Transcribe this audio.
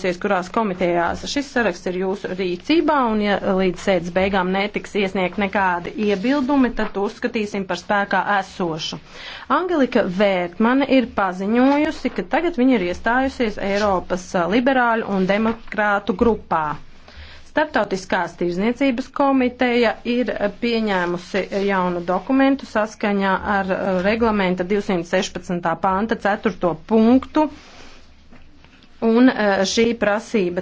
diskusijas, kurās komitejās. Šis saraksts ir jūsu rīcībā, un ja līdz sēdes beigām netiks iesniegt nekādi iebildumi, tad uzskatīsim par spēkā esošu. Angelika Vērtmane ir paziņojusi, ka tagad viņa ir iestājusies Eiropas liberāļu un demokrātu grupā. Startautiskās tirzniecības komiteja ir pieņēmusi jaunu dokumentu saskaņā ar eh, reglamenta 216. panta 4. punktu un eh, šī prasība